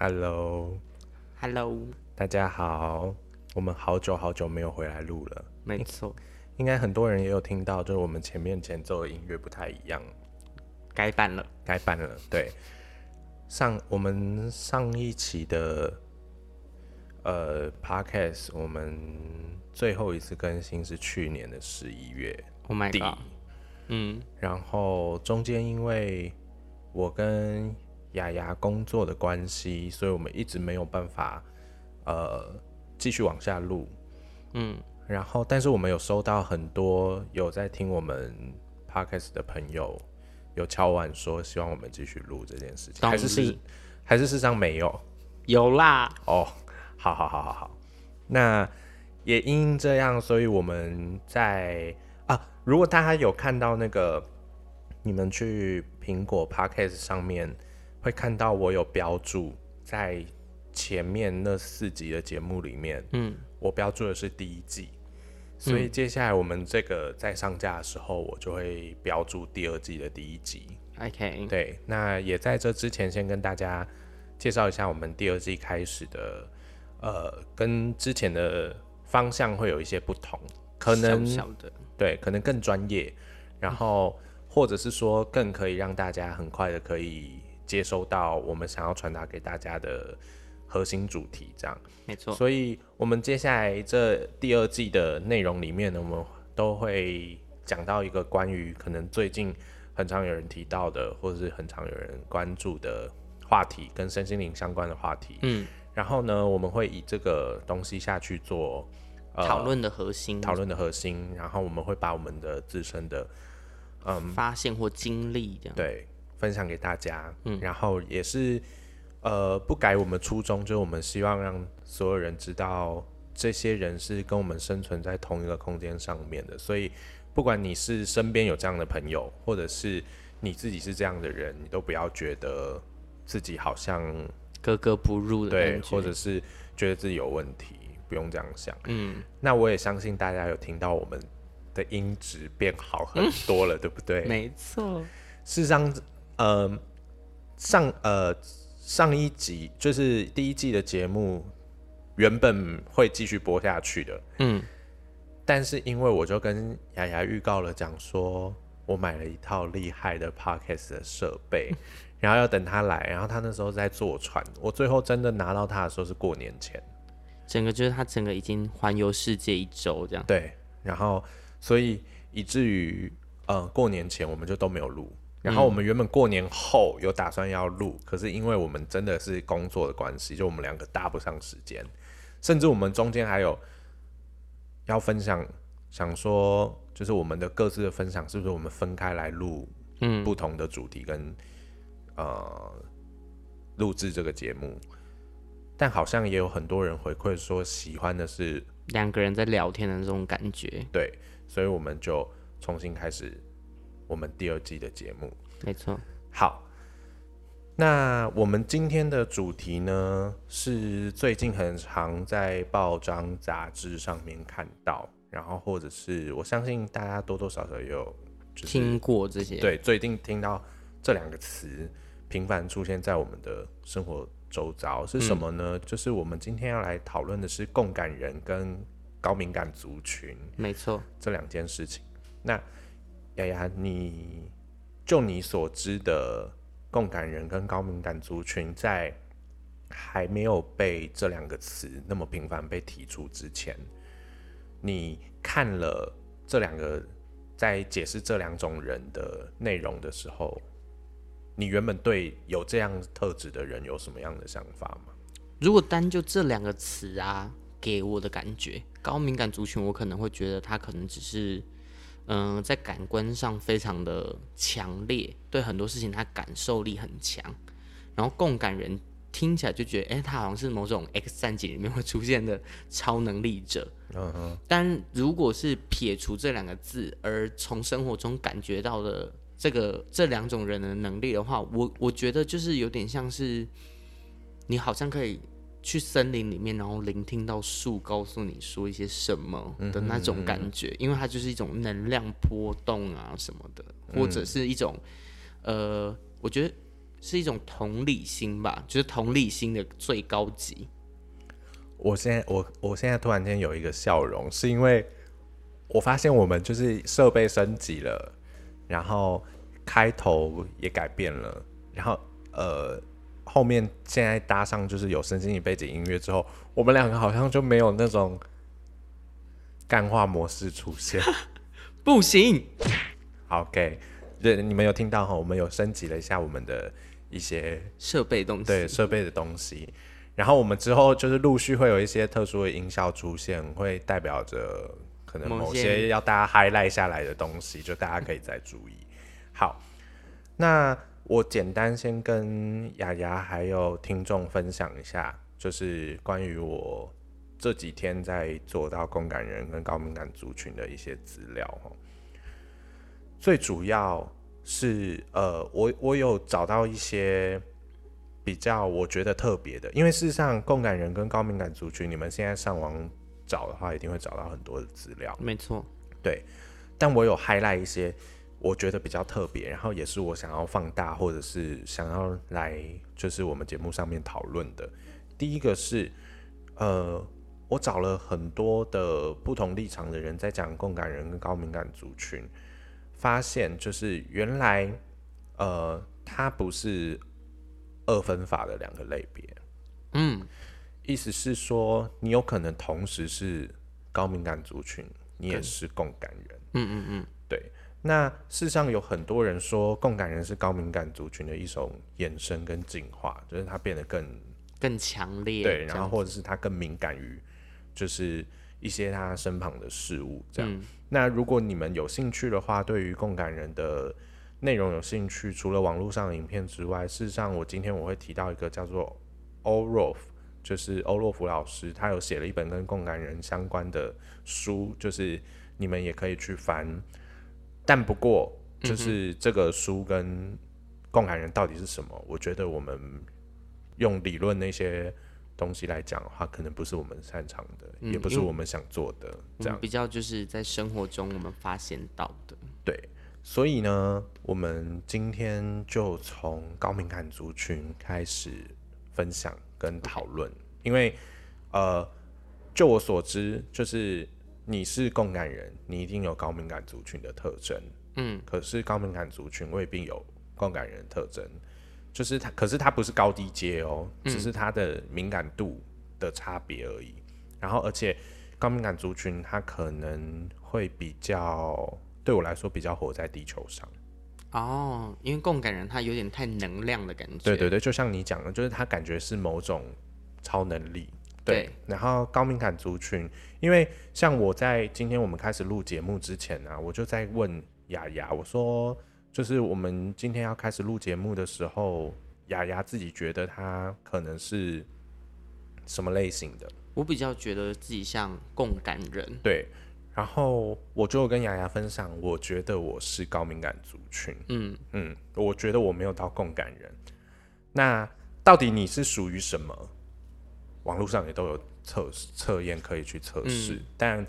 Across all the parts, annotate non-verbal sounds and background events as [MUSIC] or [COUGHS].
Hello，Hello，Hello. 大家好，我們好久好久沒有回來錄了。沒錯，應該很多人也有聽到，就是我們前面前奏的音樂不太一樣。改版了，改版了，對。上我們上一期的呃 Podcast，我們最後一次更新是去年的十一月底。Oh my God 嗯，然後中間，因為我跟雅雅工作的關係，所以我們一直沒有辦法，呃，繼續往下錄，嗯，然後但是我們有收到很多有在聽我們 podcast 的朋友有敲碗說，希望我們繼續錄這件事情，事還是是還是世上沒有有啦，哦、oh，好好好好好，那也因這樣，所以我們在啊，如果大家有看到那個，你們去蘋果 podcast 上面。會看到我有標注在前面那四集的節目裡面，嗯，我標注的是第一季，嗯，所以接下來我們這個在上架的時候，我就會標注第二季的第一集。OK，嗯、對，那也在這之前先跟大家介紹一下我們第二季開始的，呃，跟之前的方向會有一些不同，可能小，小的，對，可能更專業，然後或者是說更可以讓大家很快的可以。接收到我們想要傳達給大家的核心主題，這樣沒錯。所以，我們接下來這第二季的內容裡面呢，我們都會講到一個關於可能最近很常有人提到的，或者是很常有人關注的話題，跟身心靈相關的話題。嗯，然後呢，我們會以這個東西下去做呃、討論的核心，討論的核心。然後，我們會把我們的自身的嗯發現或經歷，這樣對。分享給大家，嗯，然後也是，呃，不改我們初衷，就是我們希望讓所有人知道，這些人是跟我們生存在同一個空間上面的。所以，不管你是身邊有這樣的朋友，或者是你自己是這樣的人，你都不要覺得自己好像格格不入的對，對、嗯，或者是覺得自己有問題，不用這樣想，嗯。那我也相信大家有聽到我們的音質變好很多了，嗯、對不對？沒錯，事實上。嗯、呃，上呃上一集就是第一季的節目，原本會繼續播下去的。嗯，但是因為我就跟雅雅預告了，講說我買了一套厲害的 podcast 的設備，嗯，然後要等他來，然後他那時候在坐船。我最後真的拿到他的時候是過年前，整個就是他整個已經環遊世界一周這樣。對，然後所以以至於呃過年前我們就都沒有錄。然後我們原本過年後有打算要錄，嗯，可是因為我們真的是工作的關係，就我們兩個搭不上時間，甚至我們中間還有要分享，想說就是我們的各自的分享是不是我們分開來錄，嗯，不同的主題跟，嗯，呃錄制這個節目，但好像也有很多人回饋說喜歡的是兩個人在聊天的那種感覺，對，所以我們就重新開始。我們第二季的節目，沒錯。好，那我們今天的主題呢，是最近很常在報章雜誌上面看到，然後或者是我相信大家多多少少也有、就是、聽過這些。對，最近聽到這兩個詞頻繁出現在我們的生活周遭，是什麼呢？嗯、就是我們今天要來討論的是共感人跟高敏感族群，沒錯，這兩件事情。那。丫丫，你就你所知的共感人跟高敏感族群，在還沒有被這兩個詞那麼頻繁被提出之前，你看了這兩個在解釋這兩種人的內容的時候，你原本對有這樣特質的人有什麼樣的想法嗎？如果單就這兩個詞啊，給我的感覺，高敏感族群我可能會覺得他可能只是。嗯、呃，在感官上非常的強烈，對很多事情他感受力很強，然後共感人聽起來就覺得，哎、欸，他好像是某種 X 戰警裡面會出現的超能力者。嗯嗯，但如果是撇除這兩個字，而從生活中感覺到的這個這兩種人的能力的話，我我覺得就是有點像是，你好像可以。去森林裡面，然後聆聽到樹告訴你說一些什麼的那種感覺。嗯嗯，因為它就是一種能量波動啊什麼的，嗯，或者是一種，呃，我覺得是一種同理心吧，就是同理心的最高級。我現在我我現在突然間有一個笑容，是因為我發現我們就是設備升級了，然後開頭也改變了，然後呃。後面現在搭上就是有聲經一背景音樂之後，我們兩個好像就沒有那種幹話模式出現， [LAUGHS] 不行。OK，對，你們有聽到哈？我們有升級了一下我們的一些設備東西，對設備的東西。然後我們之後就是陸續會有一些特殊的音效出現，會代表着可能某些要大家 highlight 下來的東西，就大家可以再注意。嗯、好，那。我簡單先跟雅雅還有聽眾分享一下，就是關於我這幾天在做到共感人跟高敏感族群的一些資料。最主要是，呃，我我有找到一些比較我覺得特別的，因為事實上共感人跟高敏感族群，你們現在上網找的話，一定會找到很多的資料。沒錯。對。但我有 highlight 一些。我覺得比較特別，然後也是我想要放大或者是想要來，就是我們節目上面討論的。第一個是，呃，我找了很多的不同立場的人在講共感人跟高敏感族群，發現就是原來，呃，他不是二分法的兩個類別。嗯，意思是說，你有可能同時是高敏感族群，你也是共感人。嗯嗯，嗯嗯。那事實上有很多人說，共感人是高敏感族群的一種延伸跟進化，就是他變得更更強烈，對，然後或者是他更敏感於，就是一些他身旁的事物這樣。嗯。那如果你們有興趣的話，對於共感人的內容有興趣，除了網絡上的影片之外，事實上我今天我會提到一個叫做歐若夫，就是歐若夫老師，他有寫了一本跟共感人相關的書，就是你們也可以去翻。但不過，就是這個書跟共感人到底是什麼，嗯？我覺得我們用理論那些東西來講的話，可能不是我們擅長的，嗯、也不是我們想做的。嗯、這樣、嗯、比較就是在生活中我們發現到的。對，所以呢，我們今天就從高敏感族群開始分享跟討論，Okay. 因為呃，就我所知，就是。你是共感人，你一定有高敏感族群的特徵，嗯，可是高敏感族群未必有共感人的特徵，就是他。可是他不是高低階哦，嗯，只是他的敏感度的差別而已。然後，而且高敏感族群他可能會比較，對我來說比較活在地球上，哦，因為共感人他有點太能量的感覺，對對對，就像你講的，就是他感覺是某種超能力。對，對，然後，高敏感族群，因為像我在今天我們開始錄節目之前呢、啊，我就在問雅雅，我說，就是我們今天要開始錄節目的時候，雅雅自己覺得她可能是什麼類型的？我比較覺得自己像共感人。對，然後我就跟雅雅分享，我覺得我是高敏感族群。嗯嗯，我覺得我沒有到共感人。那到底你是屬於什麼？嗯網絡上也都有測試，測驗可以去測試，嗯，但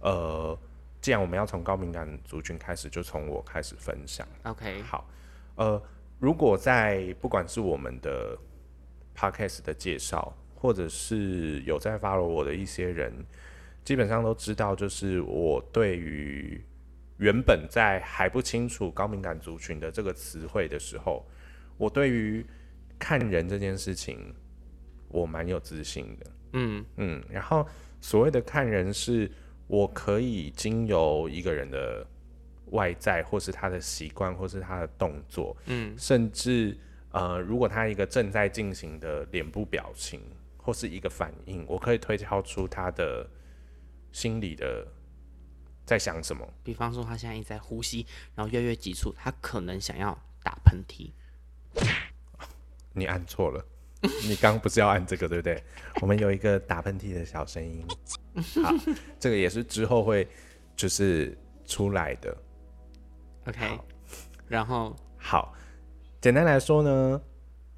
呃，既然我們要從高敏感族群開始，就從我開始分享。OK，好，呃，如果在不管是我們的 Podcast 的介紹，或者是有在 follow 我的一些人，基本上都知道，就是我對於原本在還不清楚高敏感族群的這個詞彙的時候，我對於看人這件事情。我蠻有自信的，嗯嗯，然後所謂的看人，是我可以經由一個人的外在，或是他的習慣，或是他的動作，嗯，甚至呃，如果他一個正在進行的臉部表情，或是一個反應，我可以推敲出他的心裡的在想什麼。比方說，他現在一直在呼吸，然後越來越急促，他可能想要打噴嚏。你按錯了。 [LAUGHS] 你剛不是要按這個，對不對？ [LAUGHS] 我們有一個打噴嚏的小聲音，好，這個也是之後會就是出來的。OK， [LAUGHS] 好 [LAUGHS] 然後好，簡單來說呢，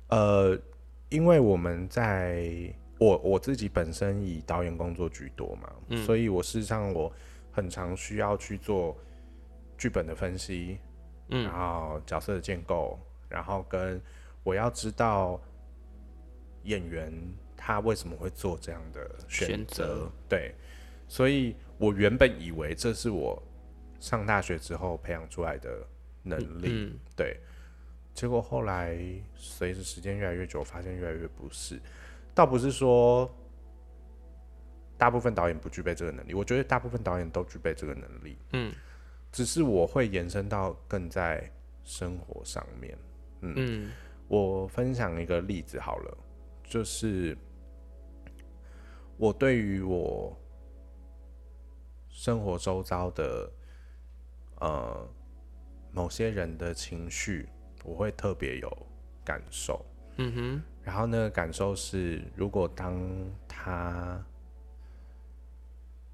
呃，因為我們在我我自己本身以導演工作居多嘛，嗯、所以我事實上我很常需要去做劇本的分析、嗯，然後角色的建構，然後跟我要知道。演員他為什麼會做這樣的選擇？對，所以我原本以為這是我上大學之後培養出來的能力，嗯嗯。對，結果後來隨着時間越來越久，發現越來越不是。倒不是說大部分導演不具備這個能力，我覺得大部分導演都具備這個能力。嗯，只是我會延伸到更在生活上面。嗯，嗯，我分享一個例子好了。就是我對於我生活周遭的呃某些人的情緒，我會特別有感受。嗯哼。然後呢，感受是，如果當他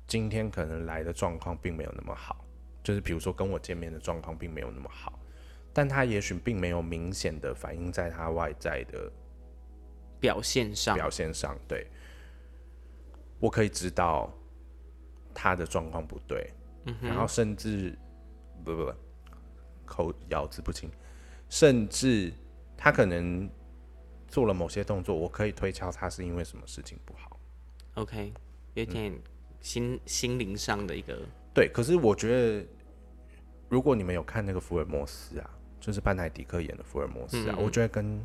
今天可能來的狀況並沒有那麼好，就是比如說跟我見面的狀況並沒有那麼好，但他也許並沒有明顯的反映在他外在的。表現上，表現上，對，我可以知道他的狀況不對、嗯，然後甚至不不不，口咬字不清，甚至他可能做了某些動作，我可以推敲他是因為什麼事情不好。OK，有點心、嗯、心靈上的一個對。可是我覺得，如果你們有看那個福爾摩斯啊，就是班奈迪克演的福爾摩斯啊嗯嗯，我覺得跟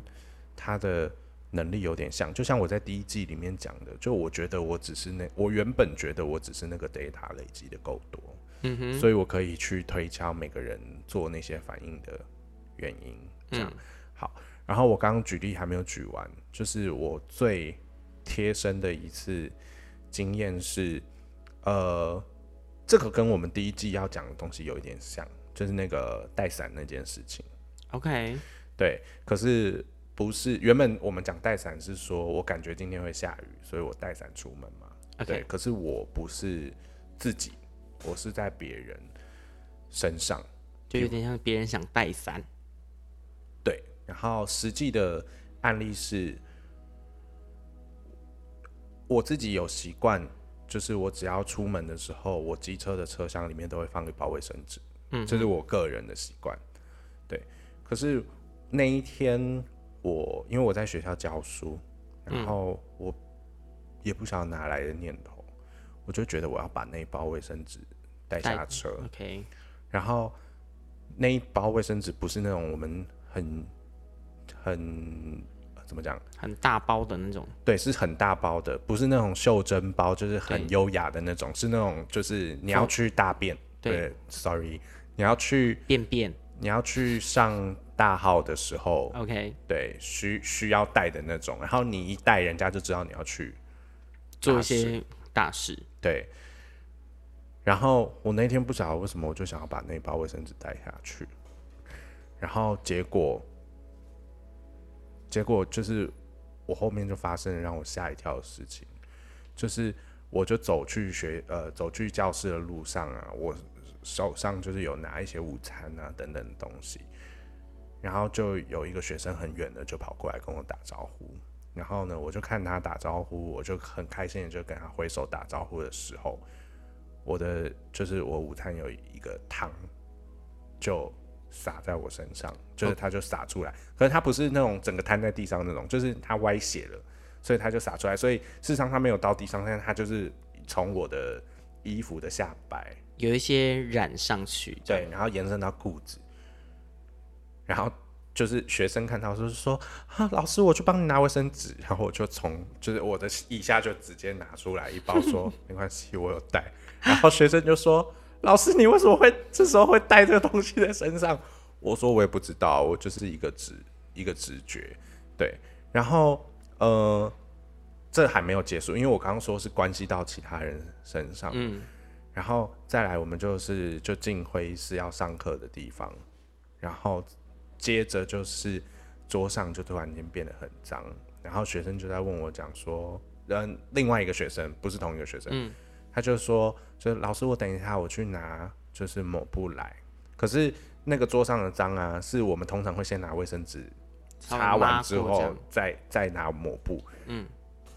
他的。能力有點像，就像我在第一季裡面講的，就我覺得我只是那我原本覺得我只是那個 data 累積的夠多、嗯哼，所以我可以去推敲每個人做那些反應的原因，這樣、嗯、好。然後我剛剛舉例還沒有舉完，就是我最貼身的一次經驗是，呃，這個跟我們第一季要講的東西有一點像，就是那個帶傘那件事情、嗯。OK，對，可是。不是，原本我們講帶傘是說我感覺今天會下雨，所以我帶傘出門嘛。Okay. 對，可是我不是自己，我是在別人身上，就有點像別人想帶傘。對，然後實際的案例是，我自己有習慣，就是我只要出門的時候，我機車的車廂裡面都會放一包衛生紙。嗯，這、就是我個人的習慣。對，可是那一天。我因為我在學校教書，然後我也不曉得哪來的念頭，嗯，我就覺得我要把那一包衛生紙帶下車。OK，然後那一包衛生紙不是那種我們很很怎麼講，很大包的那種。對，是很大包的，不是那種袖珍包，就是很優雅的那種，是那種就是你要去大便。對，對，Sorry，你要去便便，你要去上。大號的時候，OK，對，需需要帶的那種，然後你一帶，人家就知道你要去做一些大事，對。然後我那天不曉得為什麼，我就想要把那包衛生紙帶下去，然後結果，結果就是我後面就發生了讓我嚇一跳的事情，就是我就走去學，呃，走去教室的路上啊，我手上就是有拿一些午餐啊等等的東西。然後就有一個學生很遠的就跑過來跟我打招呼，然後呢，我就看他打招呼，我就很開心的就跟他揮手打招呼的時候，我的就是我午餐有一個湯就灑在我身上，就是它就灑出來，哦，可是它不是那種整個攤在地上那種，就是它歪斜了，所以它就灑出來，所以事實上它沒有到地上，但它就是從我的衣服的下擺有一些染上去，對，然後延伸到褲子。然後就是學生看到，就是說啊，老師，我去幫你拿衛生紙。然後我就從就是我的以下就直接拿出來一包說，說 [LAUGHS] 沒關係，我有帶。然後學生就說，老師，你為什麼會這時候會帶這個東西在身上？我說我也不知道，我就是一個直一個直覺。對，然後呃，這還沒有結束，因為我剛剛說是關係到其他人身上。嗯，然後再來，我們就是就進會議室要上課的地方，然後。接着就是，桌上就突然間變得很髒，然後學生就在問我講說，嗯，另外一個學生不是同一個學生，嗯，他就說，就老師，我等一下我去拿，就是抹布來。可是那個桌上的髒啊，是我們通常會先拿衛生紙擦完之後再，喔，再再拿抹布，嗯，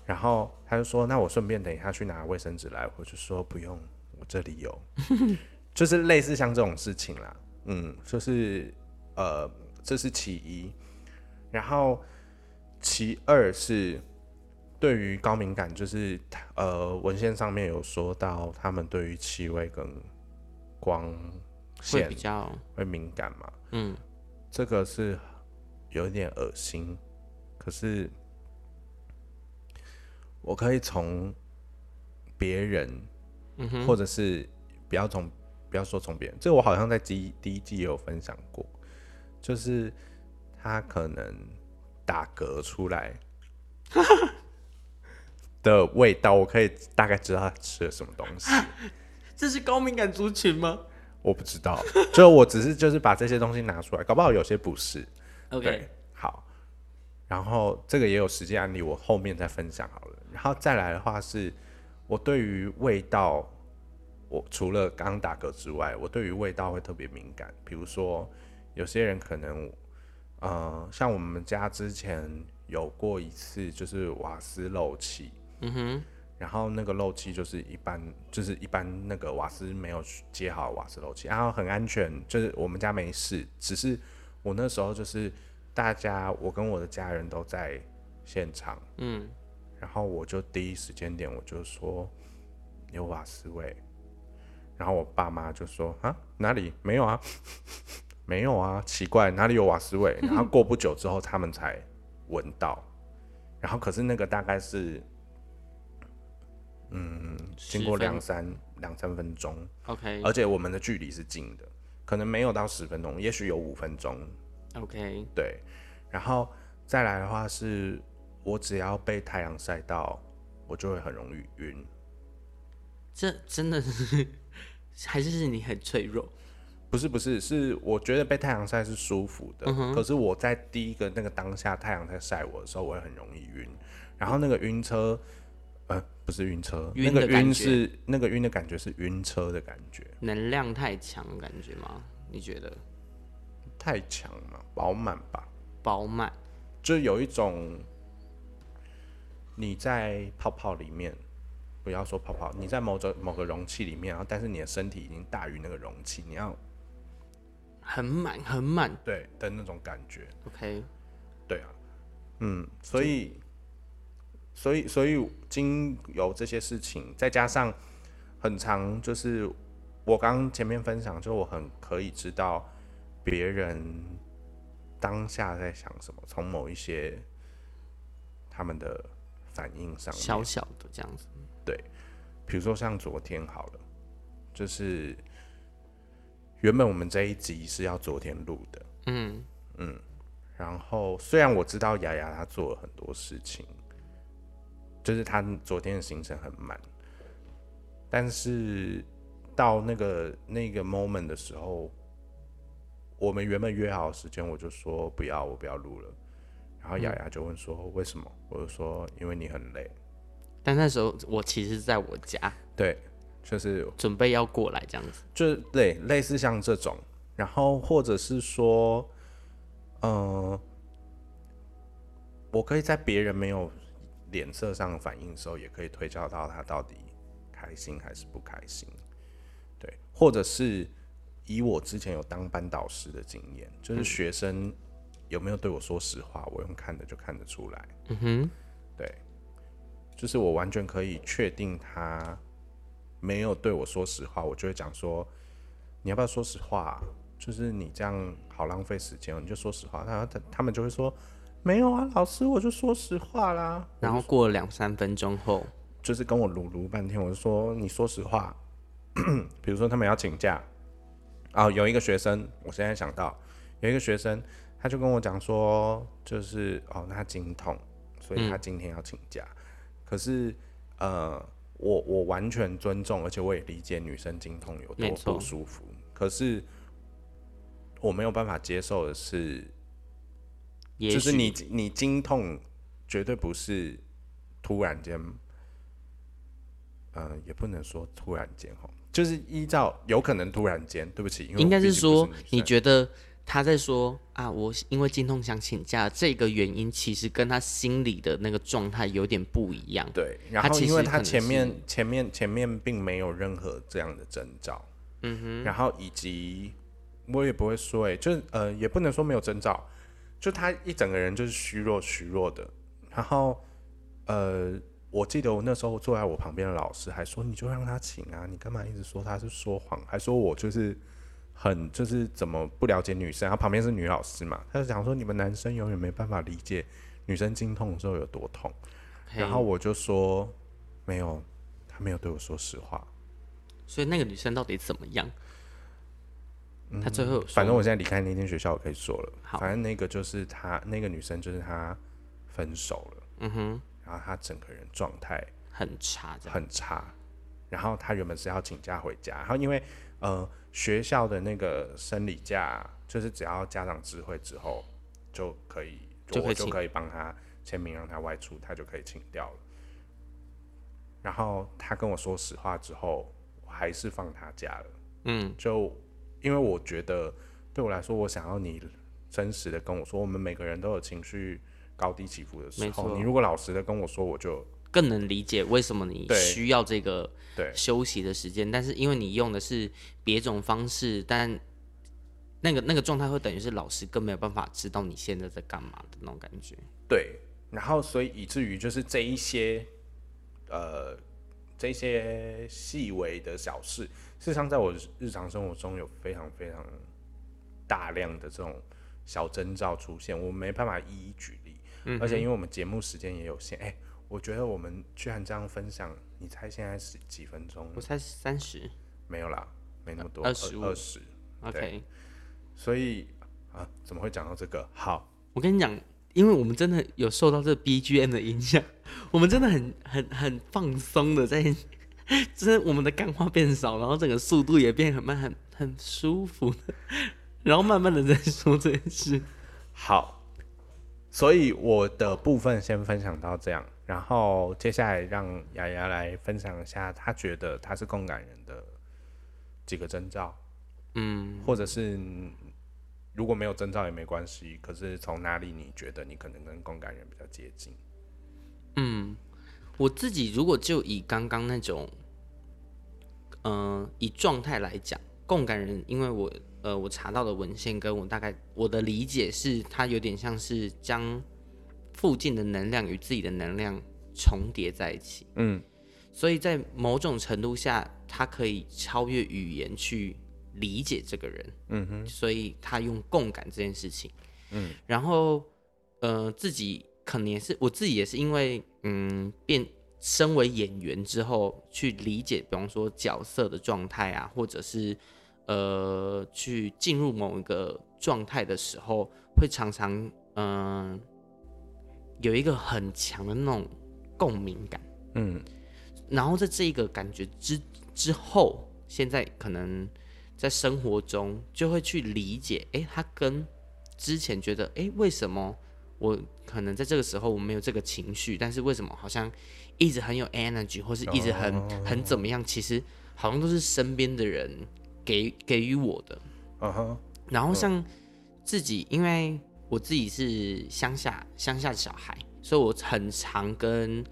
然後他就說，那我順便等一下去拿衛生紙來。我就說不用，我這裡有， [LAUGHS] 就是類似像這種事情啦，嗯，就是呃。這是其一，然後其二是對於高敏感，就是呃文獻上面有說到，他們對於氣味跟光線比較會敏感嘛，哦。嗯，這個是有一點噁心，可是我可以從別人，嗯哼，或者是不要從不要說從別人，這個我好像在第一第一季也有分享過。就是他可能打嗝出來的味道，我可以大概知道他吃了什麼東西。這是高敏感族群嗎？我不知道，就我只是就是把這些東西拿出來，搞不好有些不是。OK，好。然後這個也有實際案例，我後面再分享好了。然後再來的話，是我對於味道，我除了剛打嗝之外，我對於味道會特別敏感，比如說。有些人可能，呃，像我們家之前有過一次，就是瓦斯漏氣。嗯哼。然後那個漏氣就是一般，就是一般那個瓦斯沒有接好，瓦斯漏氣，然後很安全，就是我們家沒事。只是我那時候就是大家，我跟我的家人都在現場。嗯。然後我就第一時間點，我就說有瓦斯味。然後我爸媽就說：“啊，哪裡沒有啊？” [LAUGHS] 沒有啊，奇怪，哪裡有瓦斯味？然後過不久之後，他們才聞到。 [LAUGHS] 然後，可是那個大概是，嗯，經過兩三兩三分鐘，OK。而且我們的距離是近的，可能沒有到十分鐘，也許有五分鐘，OK。對。然後再來的話是，是我只要被太陽曬到，我就會很容易暈。這真的是，還是你很脆弱？不是不是，是我覺得被太陽曬是舒服的。嗯，可是我在第一個那個當下太陽在曬我的時候，我會很容易暈，然後那個暈車、嗯，呃，不是暈車，那個暈是那個暈的感覺是暈車的感覺，能量太強感覺嗎？你覺得？太強了，飽滿吧？飽滿，就有一種你在泡泡裡面，不要說泡泡，嗯、你在某種某個容器裡面，然後但是你的身體已經大於那個容器，你要。很滿，很滿，對的那種感覺。OK，對啊，嗯，所以，所以，所以，經由這些事情，再加上很長，就是我剛前面分享，就我很可以知道別人當下在想什麼，從某一些他們的反應上，小小的這樣子，對，比如說像昨天好了，就是。原本我們這一集是要昨天錄的，嗯嗯，然後雖然我知道雅雅她做了很多事情，就是她昨天的行程很滿。但是到那個那個 moment 的時候，我們原本約好時間，我就說不要，我不要錄了。然後雅雅就問說為什麼、嗯？我就說因為你很累。但那時候我其實在我家，對。就是準備要過來這樣子，就是類類似像這種，然後或者是說，嗯、呃，我可以在別人沒有臉色上的反應的時候，也可以推敲到他到底開心還是不開心。對，或者是以我之前有當班導師的經驗，就是學生有沒有對我說實話、嗯，我用看的就看得出來。嗯哼，對，就是我完全可以確定他。沒有對我說實話，我就會講說，你要不要說實話、啊？就是你這樣好浪費時間、喔，你就說實話、啊。他他們就會說，沒有啊，老師，我就說實話啦。然後過了兩三分鐘後，就是跟我盧盧半天，我就說，你說實話。 [COUGHS] 比如說他們要請假啊、哦，有一個學生，我現在想到有一個學生，他就跟我講說，就是哦，那他經痛，所以他今天要請假。嗯、可是呃。我我完全尊重，而且我也理解女生經痛有多不舒服。沒錯。可是我沒有辦法接受的是，就是你你經痛絕對不是突然間，嗯、呃，也不能說突然間哦，就是依照有可能突然間。對不起，因為應該是說你覺得。他在說啊，我因為經痛想請假，這個原因其實跟他心裡的那個狀態有點不一樣。對，然後因為他前面、前面、前面並沒有任何這樣的徵兆。嗯哼。然後以及我也不會說、欸，哎，就呃，也不能說沒有徵兆，就他一整個人就是虛弱、虛弱的。然後呃，我記得我那時候坐在我旁邊的老師還說：“你就讓他請啊，你幹嘛一直說他是說謊？還說我就是。”很就是怎麼不了解女生，然後旁邊是女老師嘛，她就講說你們男生永遠沒辦法理解女生經痛的時候有多痛。Okay. 然後我就說沒有，她沒有對我說實話。所以那個女生到底怎麼樣？她、嗯、最後反正我現在離開那間學校，我可以說了，反正那個就是她，那個女生就是她分手了，嗯哼，然後她整個人狀態很差，很差。然後她原本是要請假回家，然後因為呃。學校的那個生理假，就是只要家長知會之後就，就可以就，就可以幫他簽名讓他外出，他就可以請掉了。然後他跟我說實話之後，我還是放他假了。嗯，就因為我覺得對我來說，我想要你真實的跟我說，我們每個人都有情緒高低起伏的時候，你如果老實的跟我說，我就。更能理解為什麼你需要這個對，休息的時間，但是因為你用的是別種方式，但那個那個狀態會等於是老師更沒有辦法知道你現在在幹嘛的那種感覺。對，然後所以以至於就是這一些呃這一些細微的小事，事實上在我日常生活中有非常非常大量的這種小徵兆出現，我沒辦法一一舉例，嗯、而且因為我們節目時間也有限，欸我覺得我們居然這樣分享，你猜現在是幾分鐘？我猜三十。沒有啦，沒那麼多，二十五、二十。OK。所以啊，怎麼會講到這個？好，我跟你講，因為我們真的有受到這 BGM 的影響，我們真的很、很、很放鬆的在，就是我們的乾話變少，然後整個速度也變很慢，很、很舒服，然後慢慢的在說這件事。好，所以我的部分先分享到這樣。然後接下來讓雅雅來分享一下，她覺得她是共感人的幾個徵兆，嗯，或者是如果沒有徵兆也沒關係。可是從哪裡你覺得你可能跟共感人比較接近？嗯，我自己如果就以剛剛那種，嗯、呃，以狀態來講，共感人，因為我呃，我查到的文獻跟我大概我的理解是，他有點像是將。附近的能量與自己的能量重疊在一起，嗯，所以在某種程度下，他可以超越語言去理解這個人，嗯哼，所以他用共感這件事情，嗯，然後呃，自己可能也是，我自己也是因為嗯變身為演員之後去理解，比方說角色的狀態啊，或者是呃去進入某一個狀態的時候，會常常嗯。呃有一個很強的那種共鳴感，嗯，然後在這一個感覺之之後，現在可能在生活中就會去理解，哎、欸，他跟之前覺得，哎、欸，為什麼我可能在這個時候我沒有這個情緒，但是為什麼好像一直很有 energy 或是一直很、uh-huh. 很怎麼樣？其實好像都是身邊的人給給予我的，uh-huh. Uh-huh. 然後像自己，因為。我自己是鄉下鄉下的小孩，所以我很常跟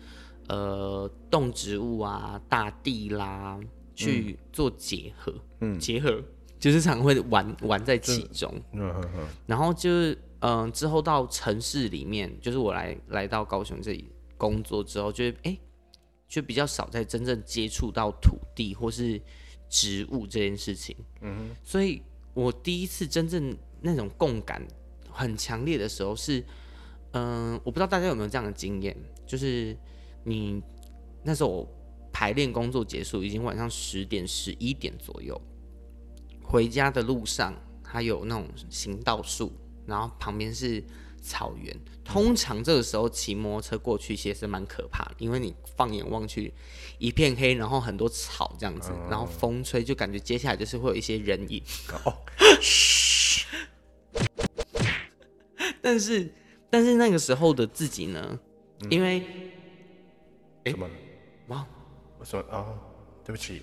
呃動植物啊、大地啦去做結合，嗯、結合就是常會玩玩在其中。呵呵然後就是嗯、呃，之後到城市裡面，就是我來來到高雄這裡工作之後，就會哎、欸，就比較少在真正接觸到土地或是植物這件事情、嗯。所以我第一次真正那種共感。很強烈的時候是，嗯、呃，我不知道大家有沒有這樣的經驗，就是你那時候我排練工作結束，已經晚上十點、十一點左右，回家的路上，它有那種行道樹，然後旁邊是草原。通常這個時候騎摩托車過去，其實是蠻可怕的，因為你放眼望去一片黑，然後很多草這樣子，嗯、然後風吹就感覺接下來就是會有一些人影。哦， [LAUGHS] 噓。但是，但是那個時候的自己呢？嗯、因為怎麼了？哇、欸！我說哦，對不起，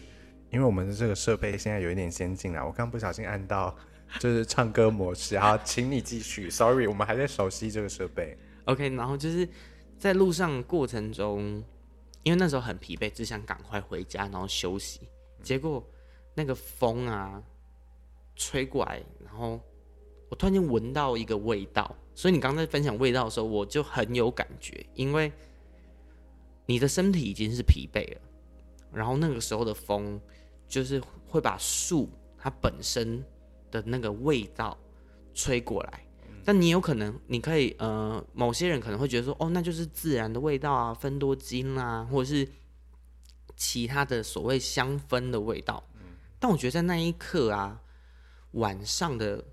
因為我們的這個設備現在有一點先進了、啊。我剛不小心按到就是唱歌模式，然 [LAUGHS] 後、啊、請你繼續。 [LAUGHS] Sorry，我們還在熟悉這個設備。OK，然後就是在路上過程中，因為那時候很疲憊，只想趕快回家然後休息。結果那個風啊吹過來，然後我突然間聞到一個味道。所以你剛才分享味道的時候，我就很有感覺，因為你的身體已經是疲憊了，然後那個時候的風就是會把樹它本身的那個味道吹過來，但你有可能你可以呃，某些人可能會覺得說，哦，那就是自然的味道啊，芬多精啊，或者是其他的所謂香氛的味道，但我覺得在那一刻啊，晚上的。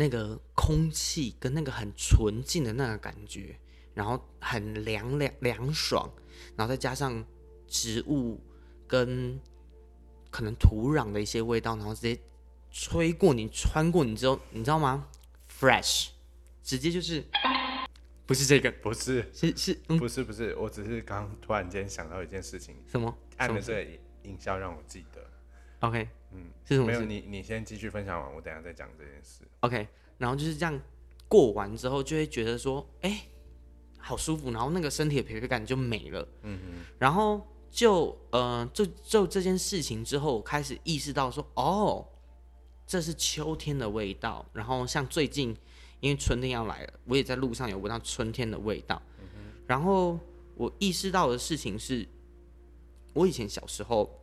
那個空氣跟那個很純淨的那個感覺，然後很涼涼涼爽，然後再加上植物跟可能土壤的一些味道，然後直接吹過你穿過你之後，你知道嗎？Fresh，直接就是不是這個，不是是是，嗯，不是不是，我只是剛突然間想到一件事情，什麼？什麼按了這個音效讓我記得，OK。嗯，是沒有你，你先繼續分享完，我等下再講這件事。OK，然後就是這樣過完之後，就會覺得說，哎、欸，好舒服，然後那個身體的疲憊感就沒了。嗯哼。然後就，呃，就就這件事情之後，我開始意識到說，哦，這是秋天的味道。然後像最近，因為春天要來了，我也在路上有聞到春天的味道。嗯哼。然後我意識到的事情是，我以前小時候。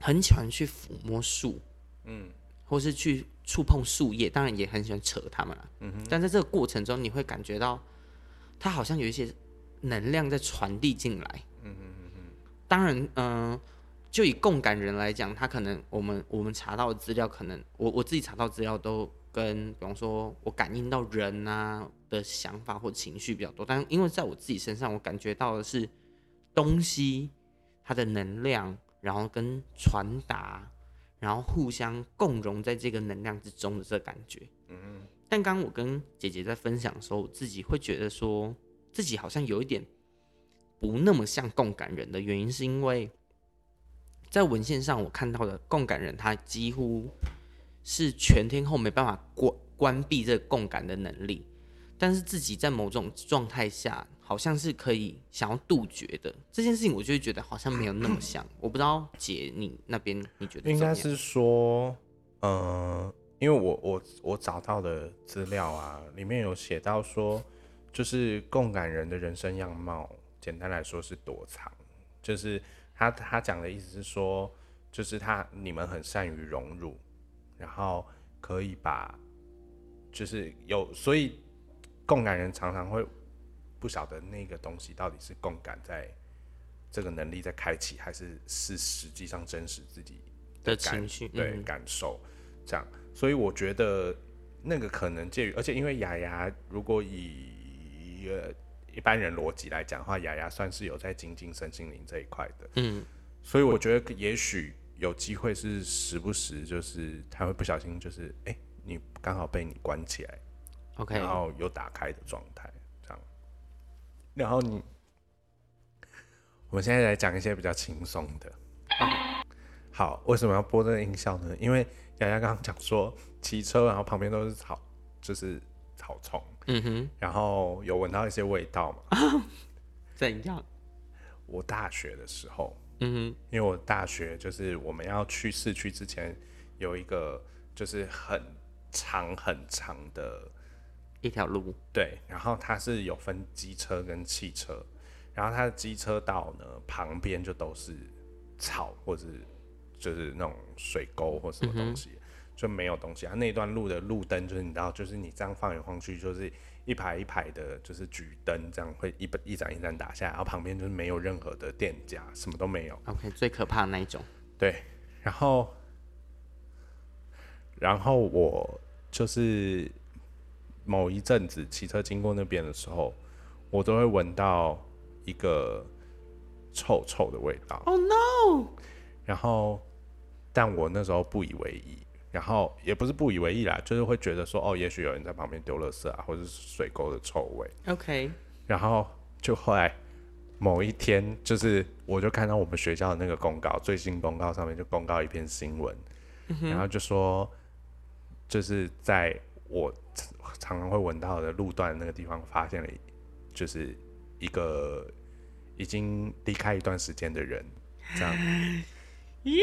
很喜歡去撫摸樹，嗯，或是去觸碰樹葉，當然也很喜歡扯它們，嗯哼。但在這個過程中，你會感覺到，它好像有一些能量在傳遞進來，嗯哼哼。當然，嗯、呃，就以共感人來講，他可能我們我們查到的資料，可能我我自己查到資料都跟，比方說我感應到人啊的想法或情緒比較多，但因為在我自己身上，我感覺到的是東西它的能量。然後跟傳達，然後互相共融在這個能量之中的這感覺。嗯，但剛剛我跟姐姐在分享的時候，我自己會覺得說自己好像有一點不那麼像共感人的原因，是因為在文獻上我看到的共感人，他幾乎是全天候沒辦法關關閉這個共感的能力，但是自己在某種狀態下。好像是可以想要杜絕的這件事情，我就會覺得好像沒有那麼像。 [LAUGHS] 我不知道姐你那邊你覺得應該是說，嗯、呃，因為我我我找到的資料啊，裡面有寫到說，就是共感人的人生樣貌，簡單來說是躲藏，就是他他講的意思是說，就是他你們很善於融入，然後可以把，就是有所以共感人常常會。不曉得那個東西到底是共感，在這個能力在開啟，還是是實際上真實自己的感，的情緒、對、嗯、感受這樣。所以我覺得那個可能介於，而且因為雅雅如果以、呃、一般人邏輯來講的話，雅雅算是有在精進身心靈這一塊的，嗯。所以我覺得也許有機會是時不時就是他會不小心就是哎、欸，你剛好被你關起來，OK，然後有打開的狀態。然後你，我們現在來講一些比較輕鬆的。好，為什麼要播這個音效呢？因為瑤瑤剛剛講說騎車，然後旁邊都是草，就是草叢。然後有聞到一些味道嘛？怎樣？我大學的時候，嗯哼，因為我大學就是我們要去市區之前，有一個就是很長很長的。一條路，對，然後它是有分機車跟汽車，然後它的機車道呢，旁邊就都是草，或者就是那種水溝或什麼東西，嗯，就沒有東西。啊，那段路的路燈就是你知道，就是你這樣放眼望去，就是一排一排的，就是橘燈這樣會一盞一盞打下來，然後旁邊就是沒有任何的店家，什麼都沒有。OK，最可怕的那一種。對，然後然後我就是。某一陣子騎車經過那邊的時候，我都會聞到一個臭臭的味道。哦，oh no！然後，但我那時候不以為意。然後也不是不以為意啦，就是會覺得說，哦，也許有人在旁邊丟垃圾啊，或者是水溝的臭味。OK。然後就後來某一天，就是我就看到我們學校的那個公告，最新公告上面就公告一篇新聞，Mm-hmm. 然後就說就是在。我常常會聞到的路段那個地方，發現了，就是一個已經離開一段時間的人，這樣。耶！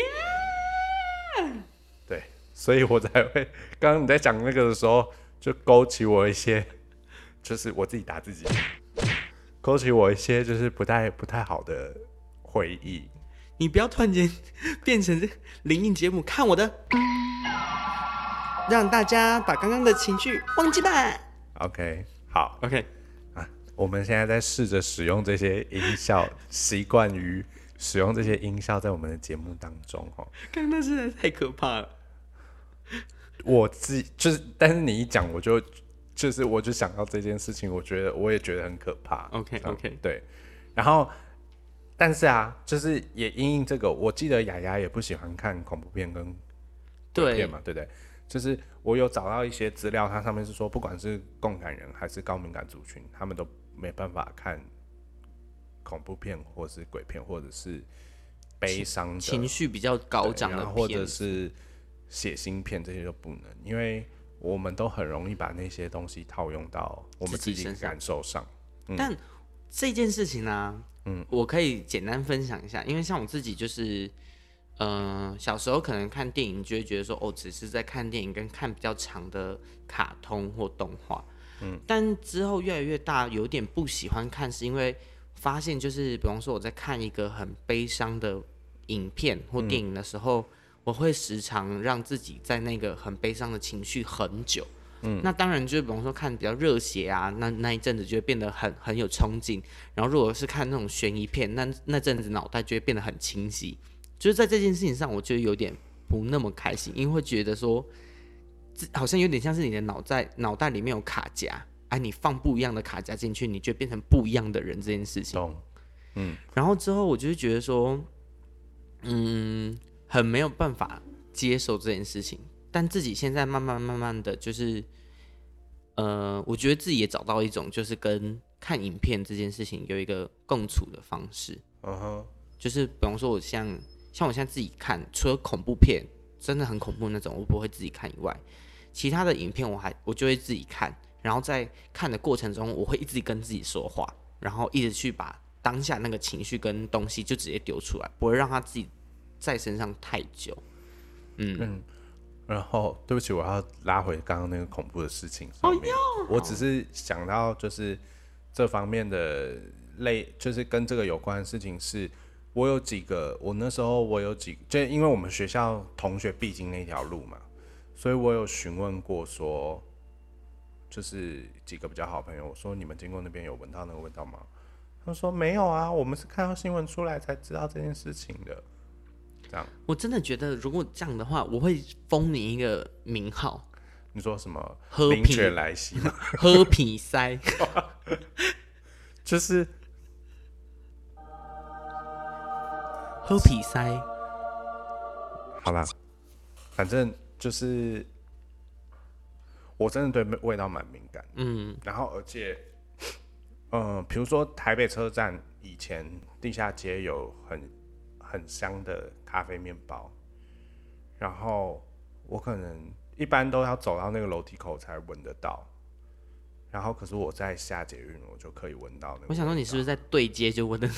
對，所以我才會剛剛你在講那個的時候，就勾起我一些，就是我自己打自己，勾起我一些就是不太不太好的回憶。你不要突然間變成靈異節目，看我的。讓大家把剛剛的情緒忘記吧。OK，好。OK，、啊、我們現在在試着使用這些音效，習慣於使用這些音效在我們的節目當中，哈。剛剛是太可怕了。 [LAUGHS] 我自就是，但是你一講，我就就是我就想到這件事情，我覺得我也覺得很可怕。OK，OK，、okay, okay. 對。然後，但是啊，就是也因應這個，我記得雅雅也不喜歡看恐怖片跟恐怖片嘛，對不對，對？就是我有找到一些資料，它上面是說，不管是共感人還是高敏感族群，他們都沒辦法看恐怖片，或是鬼片，或者是悲傷情緒比較高漲的，或者是血腥片，這些就不能，因為我們都很容易把那些東西套用到我們自己感受上，上，嗯。但這件事情呢，啊，嗯，我可以簡單分享一下，因為像我自己就是。嗯、呃，小時候可能看電影就會覺得說，哦，只是在看電影，跟看比較長的卡通或動畫。嗯，但之後越來越大，有點不喜歡看，是因為發現就是，比方說我在看一個很悲傷的影片或電影的時候、嗯，我會時常讓自己在那個很悲傷的情緒很久。嗯，那當然就是，比方說看比較熱血啊，那那一陣子就會變得很很有衝勁。然後，如果是看那種懸疑片，那那陣子腦袋就會變得很清晰。就在這件事情上，我就有點不那麼開心，因為會覺得說，好像有點像是你的腦袋腦袋裡面有卡夾，哎、啊，你放不一樣的卡夾進去，你就變成不一樣的人。這件事情，懂，嗯。然後之後，我就是覺得說，嗯，很沒有辦法接受這件事情。但自己現在慢慢慢慢的就是，呃，我覺得自己也找到一種，就是跟看影片這件事情有一個共處的方式。Uh -huh. 就是比方說，我像。像我現在自己看，除了恐怖片，真的很恐怖的那種，我不會自己看以外，其他的影片我還我就會自己看，然後在看的過程中，我會一直跟自己說話，然後一直去把當下那個情緒跟東西就直接丟出來，不會讓它自己在身上太久。嗯，嗯，然後對不起，我要拉回剛剛那個恐怖的事情上面。Oh, yeah! 我只是想到就是這方面的類，就是跟這個有關的事情是。我有幾個，我那時候我有幾個，就因為我們學校同學必經那條路嘛，所以我有詢問過說，說就是幾個比較好朋友，我說你們經過那邊有聞到那個味道嗎？他說沒有啊，我們是看到新聞出來才知道這件事情的。這樣，我真的覺得如果這樣的話，我會封你一個名號。你說什麼？和平來襲，喝平塞， [LAUGHS] 就是。喝鼻塞。好啦，反正就是，我真的對味道蠻敏感。嗯，然後而且，嗯，比如說台北車站以前地下街有很很香的咖啡麵包，然後我可能一般都要走到那個樓梯口才聞得到。然後可是我在下捷運，我就可以聞到。我想說，你是不是在對接就聞的？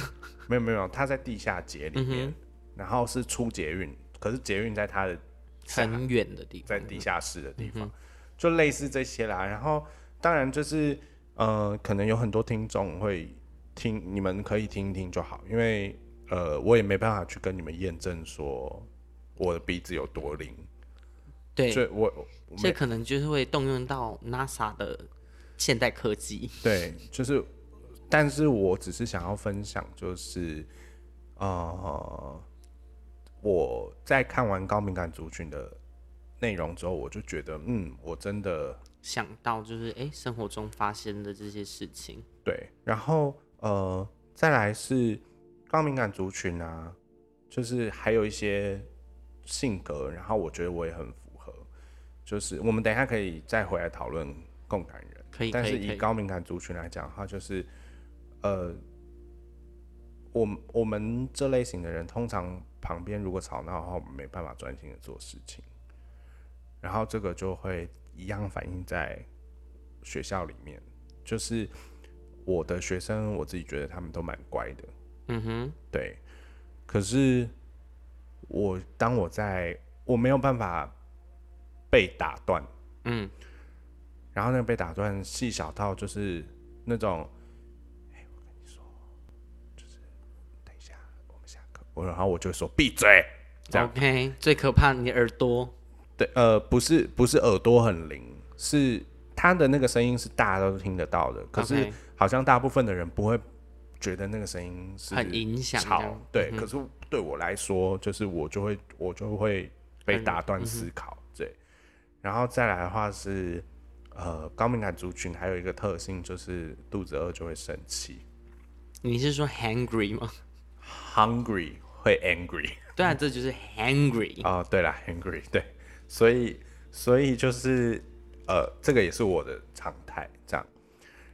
沒有沒有，他在地下捷裡面，然後是出捷運，可是捷運在它的很遠的地方，在地下室的地方，就類似這些啦。然後當然就是呃，可能有很多聽眾會聽，你們可以聽一聽就好，因為呃，我也沒辦法去跟你們驗證說，我的鼻子有多靈。對，所以我，我這可能就是會動用到 NASA 的。現代科技對，就是，但是我只是想要分享，就是，呃，我在看完高敏感族群的內容之後，我就覺得，嗯，我真的想到就是，哎、欸，生活中發生的這些事情，對，然後，呃，再來是高敏感族群啊，就是還有一些性格，然後我覺得我也很符合，就是我們等一下可以再回來討論。共感人，但是以高敏感族群來講的話，就是，呃，我我們這類型的人，通常旁邊如果吵鬧的話，我們沒辦法專心的做事情。然後這個就會一樣反映在學校裡面，就是我的學生，我自己覺得他們都蠻乖的。嗯哼，對。可是我當我在我沒有辦法被打斷，嗯。然後呢，被打斷細小到就是那種，哎，我跟你說，就是等一下我們下課，我然後我就說閉嘴。OK，最可怕，你耳朵。對，呃，不是不是耳朵很靈，是他的那個聲音是大家都聽得到的，可是、okay. 好像大部分的人不會覺得那個聲音是很影響吵。對、嗯，可是對我來說，就是我就會我就會被打斷思考。對、嗯，然後再來的話是。呃，高敏感族群還有一個特性，就是肚子餓就會生氣。你是說 hangry 嗎？Hungry 會 angry。 [LAUGHS] 對啊，這就是 hangry。啊、嗯哦，對啦，hangry 對，所以，所以就是呃，這個也是我的常態這樣。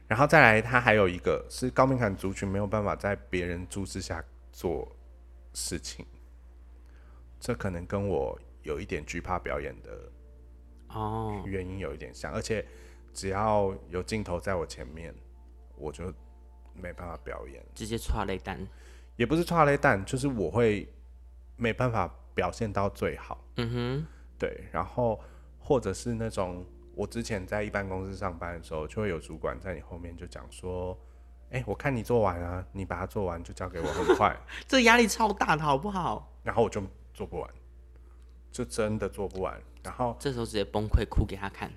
然後再來，他還有一個是高敏感族群沒有辦法在別人注視下做事情。這可能跟我有一點懼怕表演的。哦，原因有一點像，而且只要有鏡頭在我前面，我就沒辦法表演。直接剉咧等，也不是剉咧等，就是我會沒辦法表現到最好。嗯哼，對。然後或者是那種，我之前在一般公司上班的時候，就會有主管在你後面就講說：“哎、欸，我看你做完啊，你把它做完就交給我，很快。 [LAUGHS] ”這壓力超大的，好不好？然後我就做不完，就真的做不完。然後這時候直接崩潰哭給他看，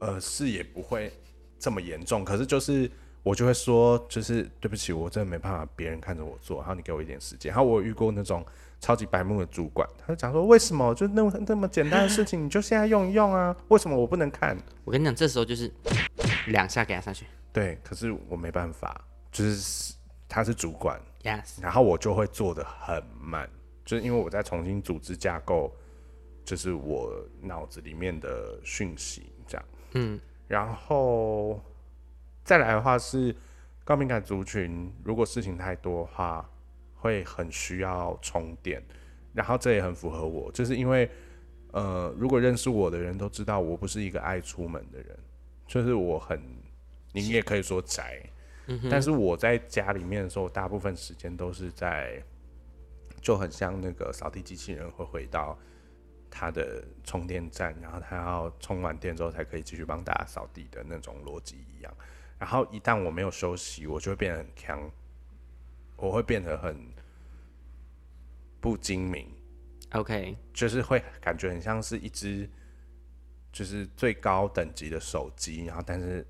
呃是也不會這麼嚴重，可是就是我就會說就是對不起，我真的沒辦法，別人看着我做，然後你給我一點時間。然後我遇過那種超級白目的主管，他就講說，為什麼就那麼那麼簡單的事情你就現在用一用啊？ [COUGHS] 為什麼我不能看？我跟你講，這時候就是兩下給他上去。對，可是我沒辦法，就是他是主管，yes，然後我就會做得很慢，就是因為我在重新組織架構。就是我腦子裡面的訊息這樣，嗯，然後再來的話是高敏感族群，如果事情太多的話，會很需要充電。然後這也很符合我，就是因為呃，如果認識我的人都知道，我不是一個愛出門的人，就是我很你也可以說宅，但是我在家裡面的時候，大部分時間都是在，就很像那個掃地機器人會回到。他的充電站，然後他要充完電之後才可以繼續幫大家掃地的那種邏輯一樣。然後一旦我沒有休息，我就會變得很鏘，我會變得很不精明。OK，就是會感覺很像是一支就是最高等級的手機，然後但是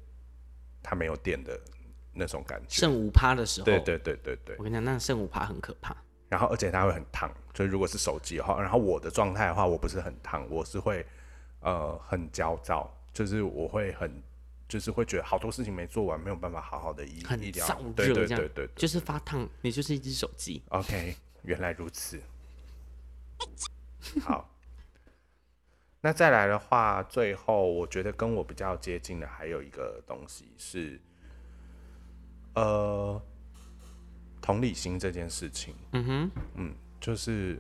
它沒有電的那種感覺。剩五趴的時候，對對對對對，對，我跟你講，那個、剩五趴很可怕。然後，而且它會很燙，所以如果是手機的話，然後我的狀態的話，我不是很燙，我是會，呃，很焦躁，就是我會很，就是會覺得好多事情沒做完，沒有辦法好好的一，對對對對，對，對，對對對對，就是發燙，你就是一只手機。OK，原來如此。 [LAUGHS] 好，那再來的話，最後我覺得跟我比較接近的還有一個東西是，呃。同理心這件事情，嗯哼，嗯，就是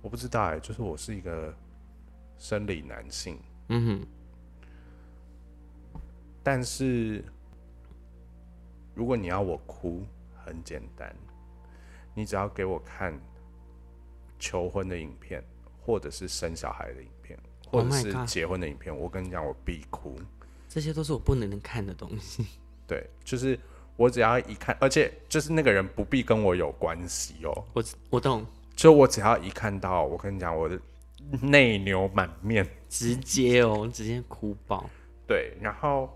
我不知道，哎，就是我是一個生理男性，嗯哼，但是如果你要我哭，很簡單，你只要給我看求婚的影片，或者是生小孩的影片，或者是結婚的影片，Oh my God，我跟你講，我必哭。這些都是我不能看的東西。對，就是。我只要一看，而且就是那個人不必跟我有關係哦。我我懂，就我只要一看到，我跟你講，我的淚流滿面，直接哦，直接哭爆。對，然後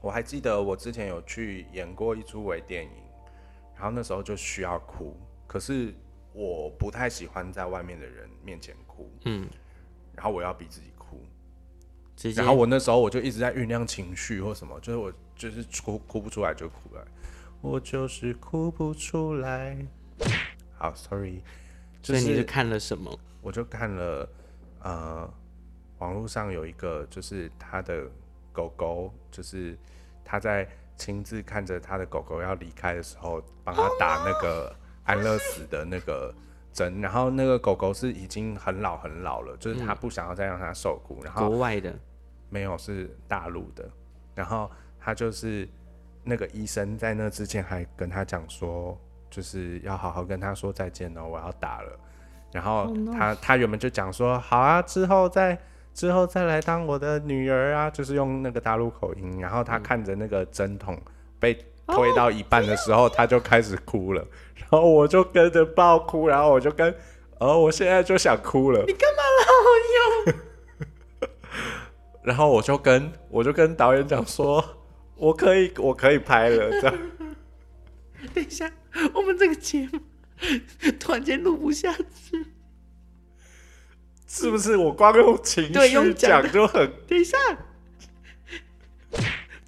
我還記得我之前有去演過一出微電影，然後那時候就需要哭，可是我不太喜歡在外面的人面前哭，嗯，然後我要逼自己哭，然後我那時候我就一直在醞釀情緒或什麼，就是我。就是哭哭不出來，就哭了來。我就是哭不出來。 [LAUGHS] 好，sorry，就是。所以你是看了什麼？我就看了，呃，網絡上有一個，就是他的狗狗，就是他在親自看着他的狗狗要離開的時候，幫他打那個安樂死的那個針。 [LAUGHS] 然後那個狗狗是已經很老很老了，就是他不想要再讓它受苦。嗯，然後國外的？沒有，是大陸的。然後。他就是那個醫生，在那之前還跟他講說，就是要好好跟他說再見哦，我要打了。然後他他原本就講說，好啊，之後再之後再來當我的女兒啊，就是用那個大陸口音。然後他看着那個針筒被推到一半的時候，哦，他就開始哭了。然後我就跟着爆哭，然後我就跟，呃、哦，我現在就想哭了。你幹嘛啦？ [LAUGHS] 然後我就跟我就跟導演講說。我可以，我可以拍了。這樣 [LAUGHS] 等一下，我們這個節目突然間錄不下去，是不是？我光用情緒講就很……等一下，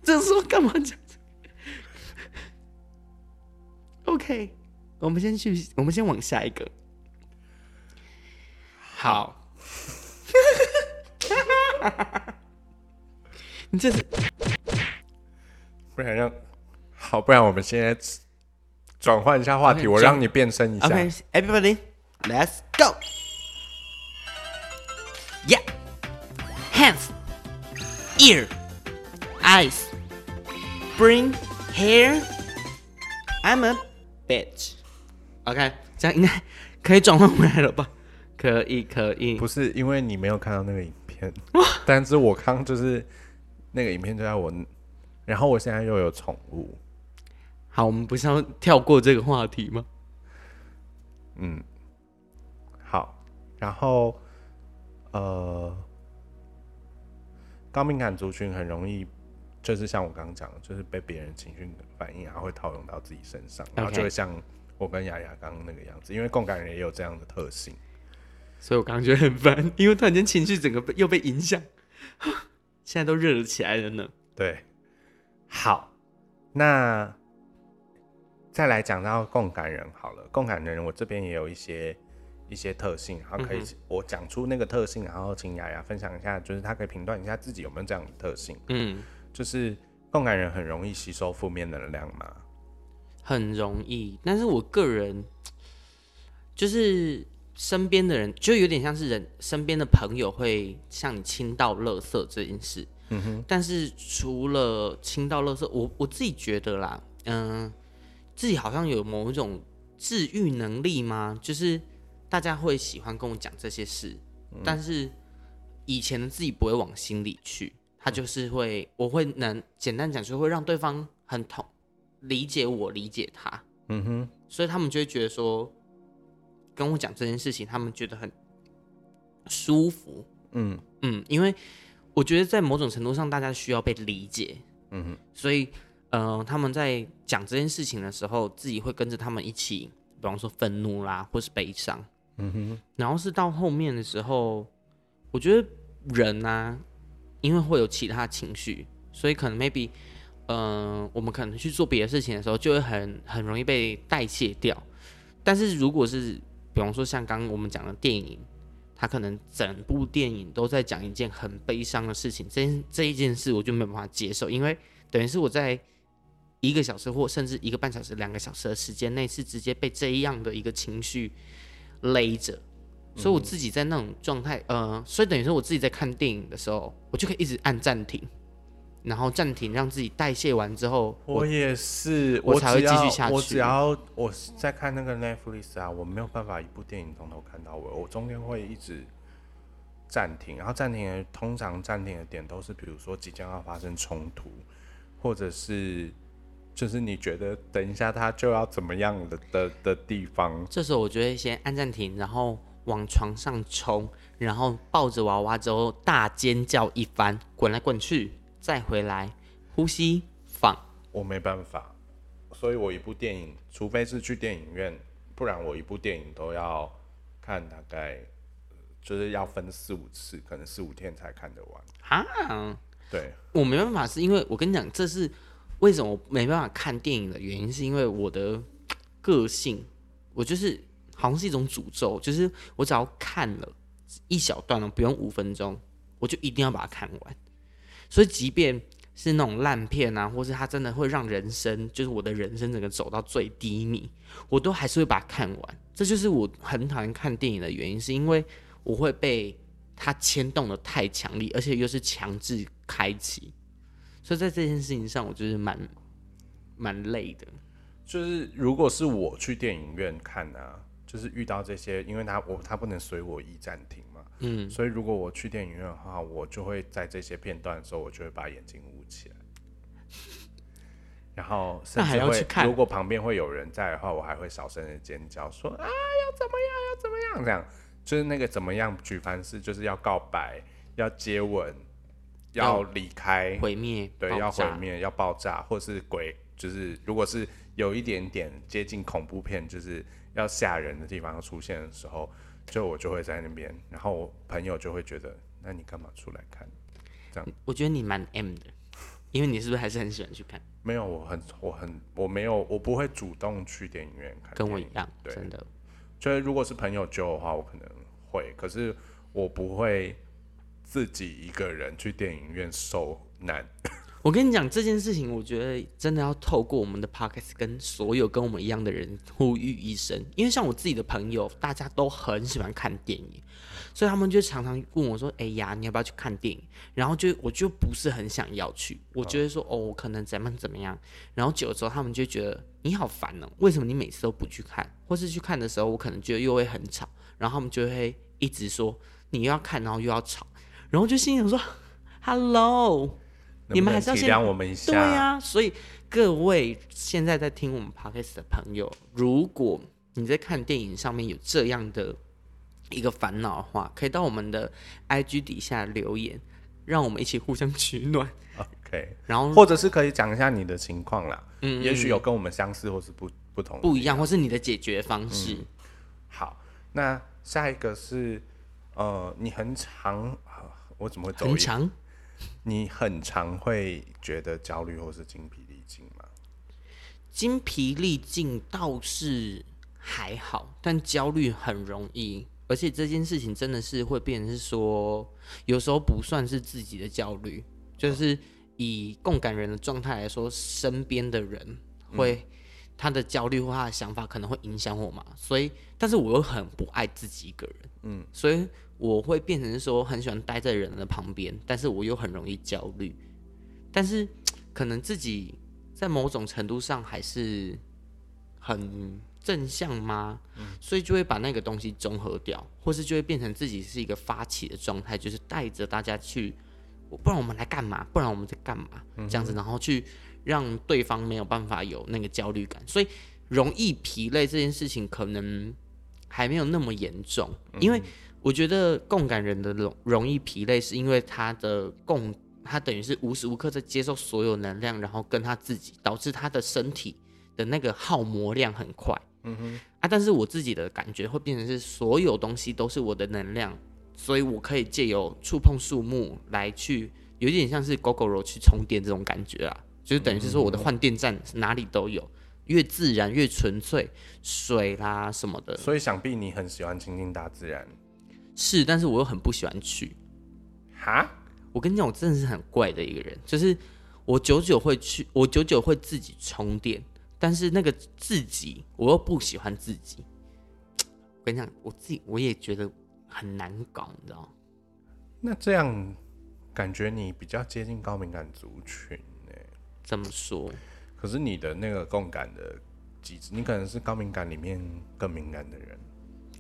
這是我幹嘛講？OK，我們先去，我們先往下一個。好， [LAUGHS] [LAUGHS] [LAUGHS] 你這是。不然讓，好，不然我們現在轉換一下話題。Okay, 我讓你變身一下。Okay, everybody, let's go. Yeah, hands, ear, eyes, bring hair. I'm a bitch. Okay，這樣應該可以轉換回來了吧？可以，可以。不是因為你沒有看到那個影片，哇，但是我剛剛就是那個影片就在我。然後我現在又有寵物，好，我們不是要跳過這個話題嗎？嗯，好，然後呃，高敏感族群很容易，就是像我剛剛講的，就是被別人情緒反應，然後會套用到自己身上，Okay. 然後就會像我跟雅雅剛剛那個樣子，因為共感人也有這樣的特性，所以我剛剛覺得很煩，因為突然間情緒整個又被影響， [LAUGHS] 現在都熱了起來了呢。對。好，那再來講到共感人好了。共感人，我這邊也有一些一些特性，然後可以我講出那個特性，嗯、然後請雅雅分享一下，就是她可以評斷一下自己有沒有這樣的特性。嗯，就是共感人很容易吸收負面能量嗎？很容易，但是我個人就是身邊的人，就有點像是人身邊的朋友會向你傾倒垃圾這件事。嗯哼，但是除了傾倒垃圾，我我自己覺得啦，嗯、呃，自己好像有某一種治癒能力嘛，就是大家會喜歡跟我講這些事，嗯、但是以前的自己不會往心裡去，他就是會，嗯、我會能簡單講，就會讓對方很痛，理解我，理解他，嗯哼，所以他們就會覺得說，跟我講這件事情，他們覺得很舒服，嗯嗯，因為。我覺得在某種程度上，大家需要被理解，嗯哼，所以，嗯、呃，他們在講這件事情的時候，自己會跟着他們一起，比方說憤怒啦，或是悲傷，嗯哼，然後是到後面的時候，我覺得人呢、啊，因為會有其他情緒，所以可能 maybe，嗯、呃，我們可能去做別的事情的時候，就會很很容易被代謝掉，但是如果是比方說像剛剛我們講的電影。他可能整部電影都在講一件很悲傷的事情，這這一件事我就沒辦法接受，因為等於是我在一個小時或甚至一個半小時、兩個小時的時間內是直接被這樣的一個情緒勒着，嗯，所以我自己在那種狀態，呃，所以等於說我自己在看電影的時候，我就可以一直按暫停。然後暫停，讓自己代謝完之後，我也是，我，我才會繼續下去我。我只要我在看那個 Netflix 啊，我沒有辦法一部電影從頭，頭看到尾，我中間會一直暫停。然後暫停，通常暫停的點都是，比如說即將要發生衝突，或者是就是你覺得等一下他就要怎麼樣的的的地方，這時候我覺得先按暫停，然後往床上衝，然後抱着娃娃之後大尖叫一番，滾來滾去。再回來，呼吸，放。我沒辦法，所以我一部電影，除非是去電影院，不然我一部電影都要看大概，就是要分四五次，可能四五天才看得完。啊，對，我沒辦法，是因為我跟你講，這是為什麼我沒辦法看電影的原因，是因為我的個性，我就是好像是一種詛咒，就是我只要看了一小段了，不用五分鐘，我就一定要把它看完。所以，即便是那種爛片啊，或是它真的會讓人生，就是我的人生整個走到最低迷，我都還是會把它看完。這就是我很討厭看電影的原因，是因為我會被它牽動得太強烈，而且又是強制開啟。所以在這件事情上，我就是蠻蠻累的。就是如果是我去電影院看呢、啊，就是遇到這些，因為它我，他不能隨我意暫停。嗯，所以如果我去電影院的話，我就會在這些片段的時候，我就會把眼睛捂起來，然後甚至會如果旁邊會有人在的話，我還會小聲的尖叫說，啊要怎麼樣要怎麼樣這樣，就是那個怎麼樣，舉凡是就是要告白、要接吻、要離開、毀滅，對，要毀滅要爆炸，或是鬼，就是如果是有一點點接近恐怖片，就是要嚇人的地方出現的時候。就我就會在那邊，然後我朋友就會覺得，那你幹嘛出來看？這樣，我覺得你蠻 M 的， [LAUGHS] 因為你是不是還是很喜歡去看？沒有，我很，我很，我沒有，我不會主動去電影院看電影。跟我一樣，對，真的。就是如果是朋友叫的話，我可能會，可是我不會自己一個人去電影院受難。 [LAUGHS] 我跟你講這件事情，我覺得真的要透過我們的 podcast 跟所有跟我們一樣的人呼籲一聲，因為像我自己的朋友，大家都很喜歡看電影，所以他們就常常問我說：“哎呀，你要不要去看電影？”然後就我就不是很想要去，我覺得說：“哦，可能怎麼怎麼樣。”然後久了之後，他們就覺得你好煩哦，為什麼你每次都不去看，或是去看的時候，我可能覺得又會很吵，然後他們就會一直說：“你又要看，然後又要吵。”然後就心裡想說：“Hello。”你們還是要能能體諒我們一下，對呀、啊。所以各位現在在聽我們 Podcast 的朋友，如果你在看電影上面有這樣的一個煩惱的話，可以到我們的 IG 底下留言，讓我們一起互相取暖。OK，然後或者是可以講一下你的情況啦，嗯，嗯，也許有跟我們相似或是不不同、不一樣，或是你的解決方式。嗯、好，那下一個是呃，你很長，我怎麼會走？很長。你很常會覺得焦慮，或是精疲力盡嗎？精疲力盡倒是還好，但焦慮很容易，而且這件事情真的是會變成是說，有時候不算是自己的焦慮，就是以共感人的狀態來說，身邊的人會、嗯、他的焦慮或他的想法可能會影響我嘛，所以，但是我又很不愛自己一個人，嗯，所以。我會變成說很喜歡待在人的旁邊，但是我又很容易焦慮，但是可能自己在某種程度上還是很正向嗎？嗯、所以就會把那個東西綜合掉，或是就會變成自己是一個發起的狀態，就是帶着大家去，不然我們來幹嘛？不然我們在幹嘛、嗯？這樣子，然後去讓對方沒有辦法有那個焦慮感，所以容易疲累這件事情可能還沒有那麼嚴重、嗯，因為。我覺得共感人的容容易疲累，是因為他的共，他等於是無時無刻在接受所有能量，然後跟他自己，導致他的身體的那個耗磨量很快。嗯哼啊，但是我自己的感覺會變成是所有東西都是我的能量，所以我可以借由觸碰樹木來去，有點像是 Gogoro 去充電這種感覺啊，就是等於是說我的換電站哪裡都有，越自然越純粹，水啦什麼的。所以想必你很喜歡親近大自然。是，但是我又很不喜歡去。哈，我跟你講，我真的是很怪的一個人，就是我久久會去，我久久會自己充電，但是那個自己我又不喜歡自己。我跟你講，我自己我也覺得很難搞，你知道？那這樣感覺你比較接近高敏感族群欸。怎麼說？可是你的那個共感的機制，你可能是高敏感裡面更敏感的人。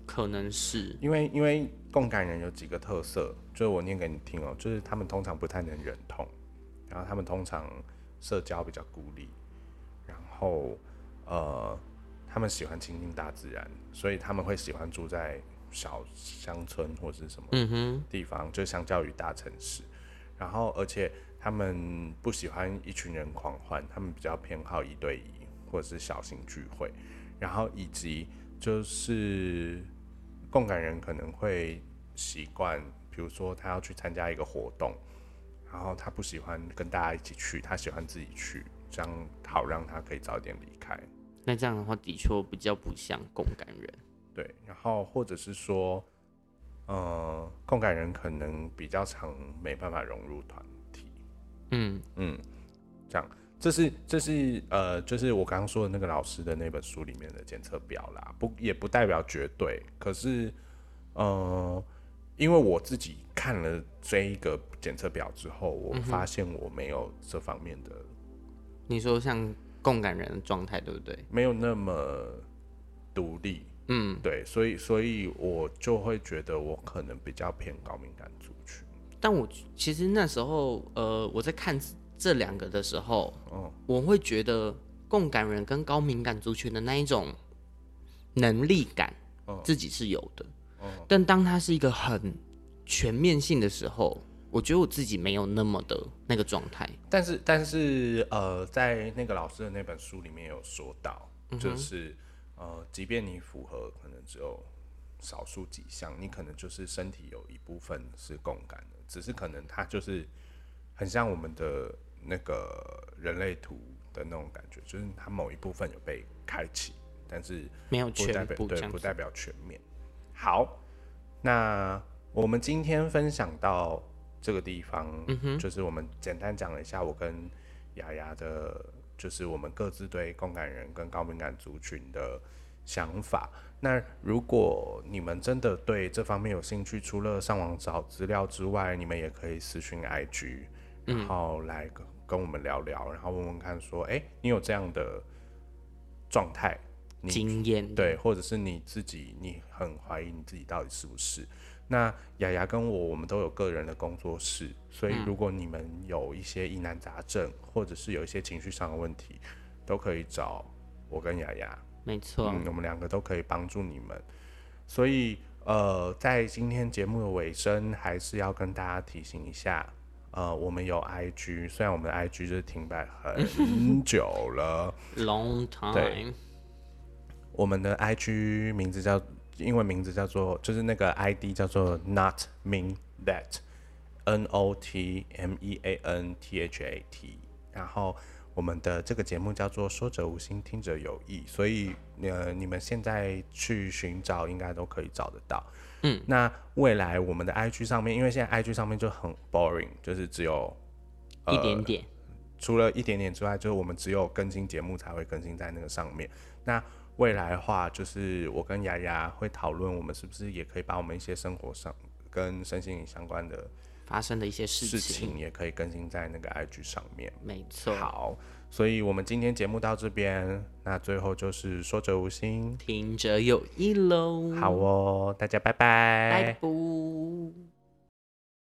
可能是因為因為共感人有幾個特色，就我念給你聽哦，喔，就是他們通常不太能忍痛，然後他們通常社交比較孤立，然後呃，他們喜歡親近大自然，所以他們會喜歡住在小鄉村或是什麼地方，嗯哼，就相較於大城市。然後而且他們不喜歡一群人狂歡，他們比較偏好一對一或者是小型聚會，然後以及就是。共感人可能會習慣，比如說他要去參加一個活動，然後他不喜歡跟大家一起去，他喜歡自己去，這樣好讓他可以早點離開。那這樣的話，的確比較不像共感人。對，然後或者是說，呃，共感人可能比較常沒辦法融入團體。嗯嗯，這樣。這是這是呃，就是我剛剛說的那個老師的那本書裡面的檢測表啦，不，也不代表絕對。可是，呃，因為我自己看了這一個檢測表之後，我發現我沒有這方面的。嗯，你說像共感人的狀態，對不對？沒有那麼獨立，嗯，對，所以所以我就會覺得我可能比較偏高敏感族群。但我其實那時候呃，我在看。這兩個的時候，哦，我會覺得共感人跟高敏感族群的那一種能力感，哦，自己是有的，哦，但當他是一個很全面性的時候，我覺得我自己沒有那麼的那個狀態。但是，但是，呃，在那個老師的那本書裡面有說到，就是，嗯哼，呃，即便你符合，可能只有少數幾項，你可能就是身體有一部分是共感的，只是可能它就是很像我們的。那個人類圖的那種感覺，就是它某一部分有被開啟，但是沒有，不代表對，不代表全面。好，那我們今天分享到這個地方，嗯哼，就是我們簡單講了一下我跟雅雅的，就是我們各自對共感人跟高敏感族群的想法。那如果你們真的對這方面有興趣，除了上網找資料之外，你們也可以私訊 IG。嗯、然後來跟我們聊聊，然後問問看，說，哎，你有這樣的狀態，經驗，對，或者是你自己，你很懷疑你自己到底是不是？那雅雅跟我，我們都有個人的工作室，所以如果你們有一些疑難雜症，嗯、或者是有一些情緒上的問題，都可以找我跟雅雅，沒錯、嗯，我們兩個都可以幫助你們。所以，呃，在今天節目的尾聲，還是要跟大家提醒一下。呃，我們有 IG，雖然我們的 IG 就是停擺很久了 [LAUGHS] ，long time。對，我們的 IG 名字叫英文名字叫做，就是那個 ID 叫做 Not Mean That，N O T M E A N T H A T。然後我們的這個節目叫做“說者無心，聽者有意”，所以呃，你們現在去尋找應該都可以找得到。嗯，那未來我們的 IG 上面，因為現在 IG 上面就很 boring，就是只有、呃、一點點，除了一點點之外，就是我們只有更新節目才會更新在那個上面。那未來的話，就是我跟雅雅會討論，我們是不是也可以把我們一些生活上跟身心靈相關的發生的一些事情，事情也可以更新在那個 IG 上面。沒錯。好。所以，我們今天節目到這邊，那最後就是說者無心，聽者有意嘍。好哦，大家拜拜，拜拜。